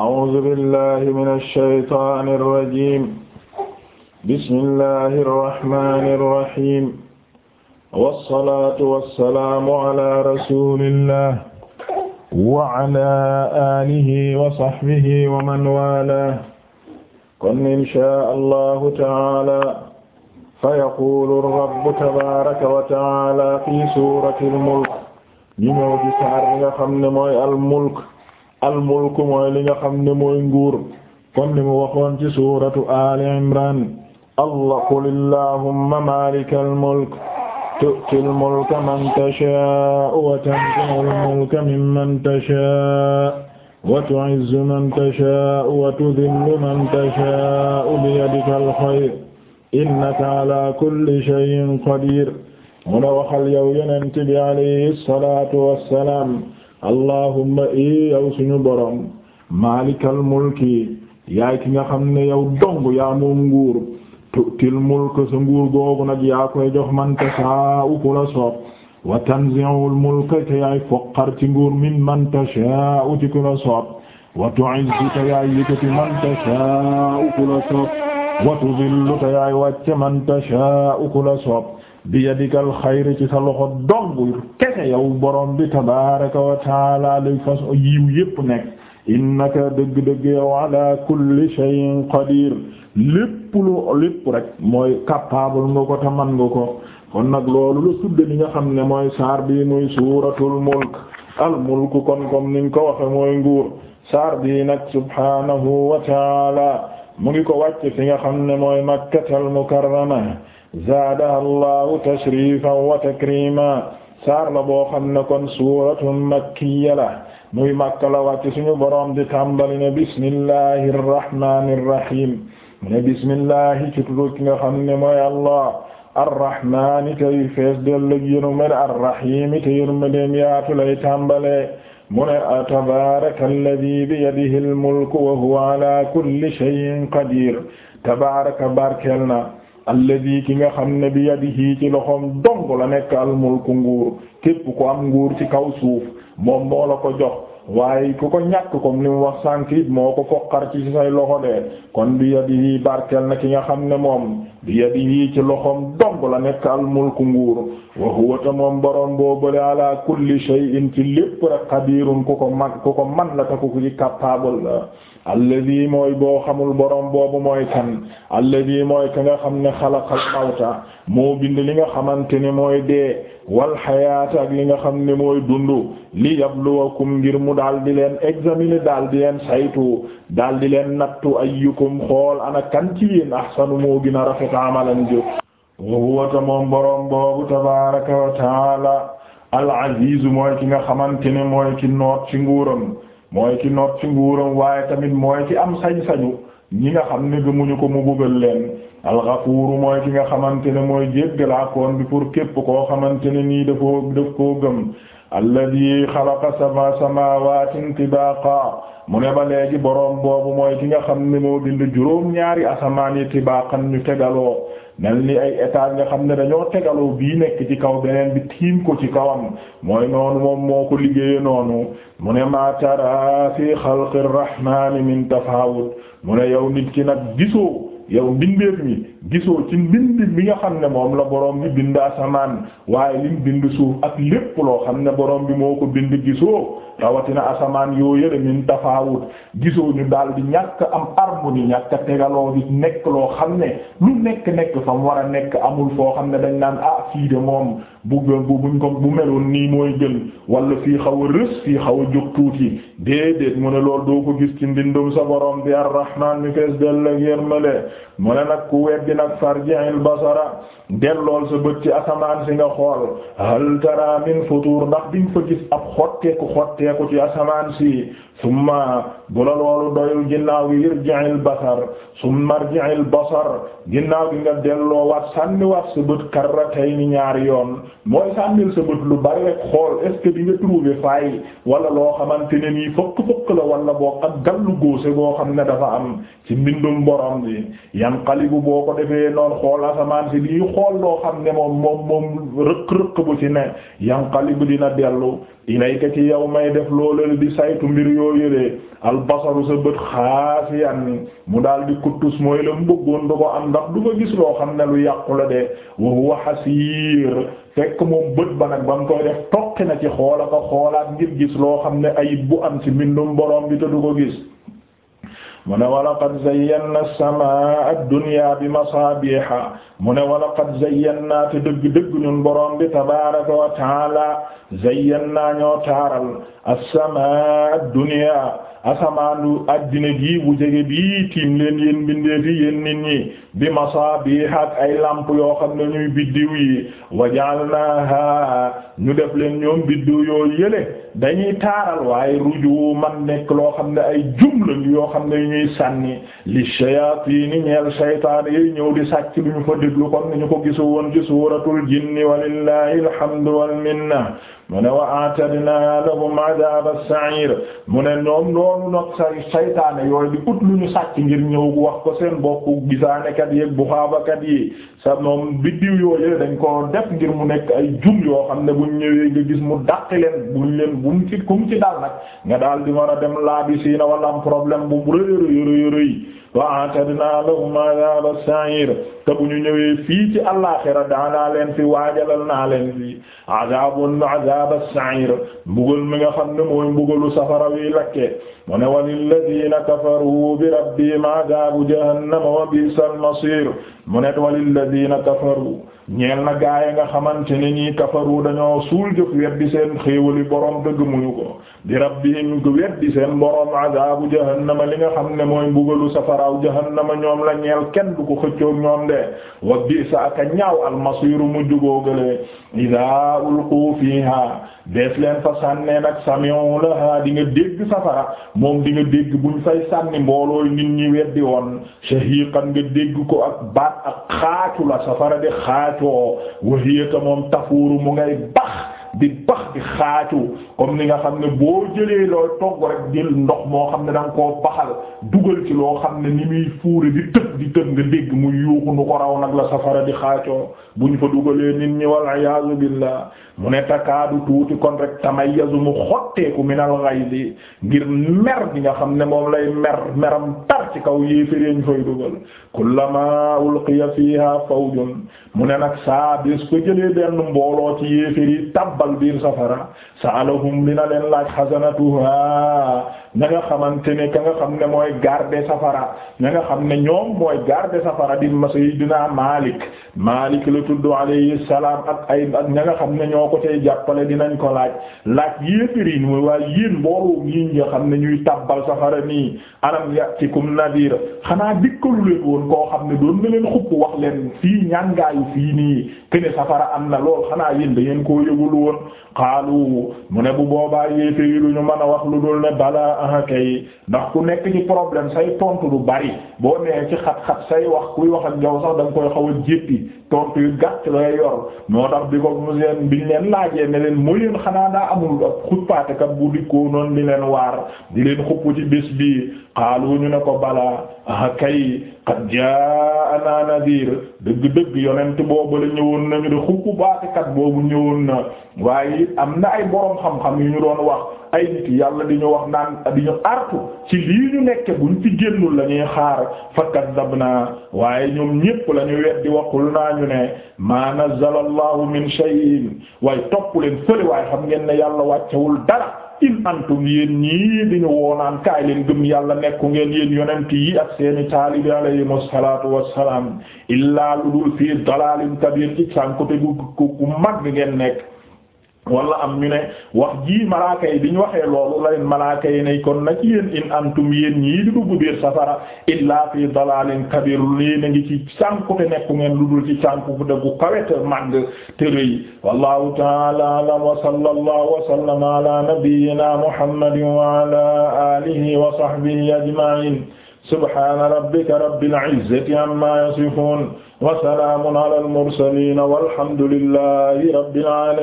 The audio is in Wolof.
أعوذ بالله من الشيطان الرجيم بسم الله الرحمن الرحيم والصلاة والسلام على رسول الله وعلى آله وصحبه ومن والاه kon inshaa Allahu ta'aala فيقول الرب تبارك وتعالى في سورة الملك ñu ñëw ci saar bi nga xam ne mooy al-mulk almulk mooy li nga xam ne mooy nguur comme ni mu waxoon ci suuratu ali imran allah qul allahumma malika almulk tu'ti almulka man tashaa'u wa tanzi'u almulka mimman tashaa'u wa tu'izzu man tashaa'u wa tudhillu man tashaa'u biyadika alkhayr innaka ala kulli shay'in qadir mu na waxal yow yonent bi alayhi salaatu wassalaam allahumma e yow suñu borom maalikal mulki yaay ki nga xam ne yow dong yaa moom nguur tu'til mulk sa nguur googu nag yaa koy jox man tashaa'u ku la soob wa tanzi'ul mulka te yaay foqar ci nguur min man tashaa'u ci ku la soob wa tu'izzu te yaay yëkkati man tashaa'u ku la soob wa tudhillu te yaay wàcce man tashaa'u ku la soob bi yadikal xayri ci sa loxo dong kese yow borom bi tabaaraka wa taala lay façon yiw yépp nekk innaka dëgg-dëgg yow ala kulli shay'in qadir lépp lu lépp rek mooy capable nga ko te man nga ko kon nag loolu la tudde li nga xam ne mooy saar bi muy suuratul mulk al mulk kon comme niñ ko waxe mooy nguur saar bi nag subhanahu wa taala mu ngi ko wàcc fi nga xam ne mooy makkatal mukarrama zaadaha allahu tashrifan wa takrima saar la boo xam ne kon suratun makkiya la muy màkka la wàcc suñu boroom di tàmbali ne bismillahi irrahmani irrahim ne bismillahi ci tudd ki nga xam ne mooy allah arrahmani tay fees dellëg yërmande arrahimi te yërmandeem yaatu lay tàmbale mu ne tabaraka alladi bi yadihi almulku wa huwa ala kulli shay'in qadir tabaraka barkel na alladi ki nga xam ne bi yadihi ci loxoom dong la nekk al mulku nguur képp ko am nguur ci kaw suuf moom moo la ko jox waaye ku ko ñàkk comme li mu wax sànqit moo ko foqar ci say loxo de kon bi yadihi barkeel na ki nga xam ne moom bi yadihi ci loxoom dong la nekk al mulku nguur wa huwa ta moom boroom boobale ci lépp rek qadirun ko man ko man la te ku ci capable xamul boroom boobu mooy kan alladi mooy ka nga xam ne xalaqal mawta moo bind li nga xamante ni mooy dee wal xayaata ak li nga xam ne mooy dundu li yabluwakum ngir mu daal di leen examiner daal di leen saytu daldi leen nattu ayyukum xool ana kan ci yéen ahsanu moo gën a rafet amalan jëf wa huwa ta moom boroom boobu tabaraka wa al aziz mooy ki nga xamante ne mooy ki noot ci nguuram mooy ki noot ci nguuram waaye tamit mooy ki am sañ-sañu ñi nga xam ne gëmuñu ko mu bëggal leen alxafuuru mooy ki nga xamante ne mooy jéggalaakoon bi pour képp koo xamante ne nii dafoo daf koo gëm alladi xalaqa sab'a samaawatin tibaaqa mu ne ba léegi boroom boobu mooy ki nga xam ne moo bind juróom ñaari asamaan yi tibaaqan ñu tegaloo mel ni ay étage nga xam ne dañoo tegaloo bii nekk ci kaw beneen bi tiim ko ci kawam mooy noonu moom moo ko liggéeye noonu mu ne ma tara fi xalqi rahmani min tafawut mu ne yow nit ki nag gisoo yow mbindeef mi gisoo ci mbind mi nga xam ne moom la borom bi bind asamaan waaye lim bind suuf ak lépp loo xam ne borom bi moo ko bind gisoo rawatina asamaan yoo yële min tafaawut gisoo ñu daal di ñàkk am harmonie ñàkk a tegaloo di nekk loo xam ne lu nekk nekk fa mu war a nekk amul foo xam ne dañ naan ah fii de moom bu bu buñ ko bu meloon nii mooy jël wala fii xaw a rës fii xaw a jóg tuuti déedéet mu ne lool doo ko gis ci mbindum sa borom bi ar-Rahmaan mi fees dell ak yërmale mu ne nag ku weddi nag farji'il basara dellool sa bët ci asamaan si nga xool hal tara min futuur ndax diñ fa gis ab xotteeku xotteeku ci asamaan si summa bu la loolu doyul ginnaaw gi irji'il basar summa irji'il basar ginnaaw gi nga delloo waat sànni waat sa bët karratayni ñaari yoon mooy sànnil sa bët lu bari rek xool est di nga trouver faay wala loo xamante ne nii fokk fokk la wala boo ak gallu góose boo xam ne dafa am ci mbindum borom bi yanqalibu boo ko defee noonu xool asamaan si di xool loo xam ne moom moom moom rëq-rëq bu ci ne yanqalibu dina dellu ilayka ci yow may def loolu di saytu mbir yére yëlee albasaru sa bët xaasiyan mu daal di kuttus mooy la mu bëggoon du ko am ndax du ko gis loo xam ne lu yàqu la de wa huwa xasiir fekk moom bët ba nag ba mu koy def toqi na ci xoola ko xoolaat ngir gis loo xam ne ayib bu am ci mbindum borom bi te du ko gis mu ne walaqad zayyana as-samaa ad-dunyaa bi masaabiha mu ne walaqad zayyana te dëgg-dëgg ñun borom bi tabaaraka wa taala zayyana ñoo taaral as-samaa ad-dunyaa asamaanu addina gi bu jege bii tiim leen yéen mbindeef yi yéen nit ñi bi masaabiha ak ay lamp yoo xam ne ñuy biddiw yi wa ja'alnaaha ñu def leen ñoom biddiw yoo yële. dañuy taaral waaye ruju man nekk loo xam ne ay jumla yoo xam ne yu ñuy sànni li shayaatini ñeel shaytaan yi ñëw di sàcc lu ñu fa déglu kon ñu ko gisu woon ci suuratul jinni walillahi alhamdu wal minna mu ne wa a'tadna lahum adaba as-sa'ir mu ne ñoom noonu nag sa seytaane yooyu di ut lu ñu sàcc ngir ñëw wax ko seen bokk gisaanekat yi buxaabakat yi sa moom biddiw yooyu dañ ko def ngir mu nekk ay jum yoo xam ne buñ ñëwee nga gis mu dàqi leen buñ leen bumu ci kum ci dal nag nga daal di war a dem laa bi siina wala am problème bu rëy rëy rëy wa a'tadna lahum adhab as-sa'ir te bu ñu ñëwee fii ci àllaxira daanaa leen fi waajalal naa leen fi adhabun adhab as-sa'ir mbugal mi nga xam ne mooy mbugalu safara wi lakke mu ne walilladina kafaru bi rabbihim adabu jahannama wa bi'sal masir mu ne walilladina kafaru ñeel na gaay nga xamante ne ñii kafaru dañoo suul jëf weddi seen xéewali borom dëgg muñu ko bi rabbihim gu weddi seen borom adabu jahannama li nga xam ne mooy mbugalu safaraaw jahannama ñoom la ñeel kenn du ko xëccoog ñoom de wa bi'sa aka ñaaw almasiru mujj googale idaa ulqu fiiha dees leen fa sànnee nag sami'u laha di nga dégg safara moom di nga dégg buñ fay sànni mboolooy nit ñi weddi woon shahiqan nga dégg ko ak baat ak xaacu la safara di xaacoo wa hiya moom tafuuru mu ngay bax di bax di xaacu comme ni nga xam ne boo jëlee looy togg rek jël ndox moo xam ne da ko koo baxal dugal ci loo xam ne ni muy fuure di tëb di tëb nga dégg muy yuuxu nu ko raw nag la safara di xaacoo buñ fa dugalee nit ñi wal iyaazu billah mu ne takaadu tuuti kon rek tamayyazu mu xotteeku minal ghayzi ngir mer bi nga xam ne moom lay mer meram tar ci kaw yéeféer ñu fay dugal kullama ulqiya fiha fawjun mu ne nag saa bés ko jëlee benn mbooloo tabbal biir safara saalahum dina leen laaj xasanatuha ña nga xamante ne ka nga xam ne mooy garde safara ña nga xam ne ñoom mooy garde safara di sayyidina Maalik Maalik la tudd alayhi salaam ak ay ak ña nga xam ne ñoo ko cay jàppale dinañ ko laaj laaj yéefiriin mooy waaye yéen mbooloo yi nga xam ne ñuy tabbal safara nii anam yatikum nadiir xanaa dikkalu leen woon koo xam ne doon na leen xupp wax leen fii ñaan ngaayu fii nii kene safara am na lool xanaa yéen da ya'lamun qaalu mu ne bu boobaa yéefér yi lu ñu man a wax lu dul ne balaa aha kay ndax ku nekk ci problème say tontu du bari boo nee ci xat-xat say wax kuy wax ak yow sax da nga koy xaw a jéppi tontu yu gàtt lay yor ñoo tax bi ko mu seen biñ leen laajee meleen mu leen xanaa daa amul ab xuppaatekat bu dikkoo noonu di leen waar di leen xupp ci bés bi qaalu ñu ne ko balaa aha kay qad jaa'anaa nadiir dëgg-dëgg yonent boobu la ñëwoon nañu de xuppu baatekat boobu ñëwoon na waaye am na ay borom xam-xam yu ñu doon wax ay nit yàlla di ñu wax naan di ñu artu ci lii ñu nekke buñ ci génnul la ñuy xaar fakadabna waaye ñoom ñépp la ñu weddi waxul naa ñu ne ma nazzala allahu min shay'in waaye topp leen fële waaye xam ngeen ne yàlla wàccewul dara in antum yéen ñii di ñu woonaan kaay leen gëm yàlla nekku ngeen yéen yonent yi ak seeni taalibi alayhimu salaatu wassalaam illaa lu dul fii dalaalin kabiir ci sànkute gu gu mag ngeen nekk wala am ñu ne wax ji malaaka yi biñ waxee loolu la leen malaaka yi ne kon na ci yéen in antum yéen ñii di dugg biir safara illa fi dalalin kabir léen a ngi ci cànkute nekku ngeen lu dul ci cànkute gu kawete màgg te rëy wallahu ta'ala alam wa sallallahu wa sallama ala nabiyyina muhammadin wa ala alihi wa sahbihi ajma'in subhana rabbika rabbil izzati amma yasifun wa salamun ala al mursalin walhamdulillahi rabbil alamin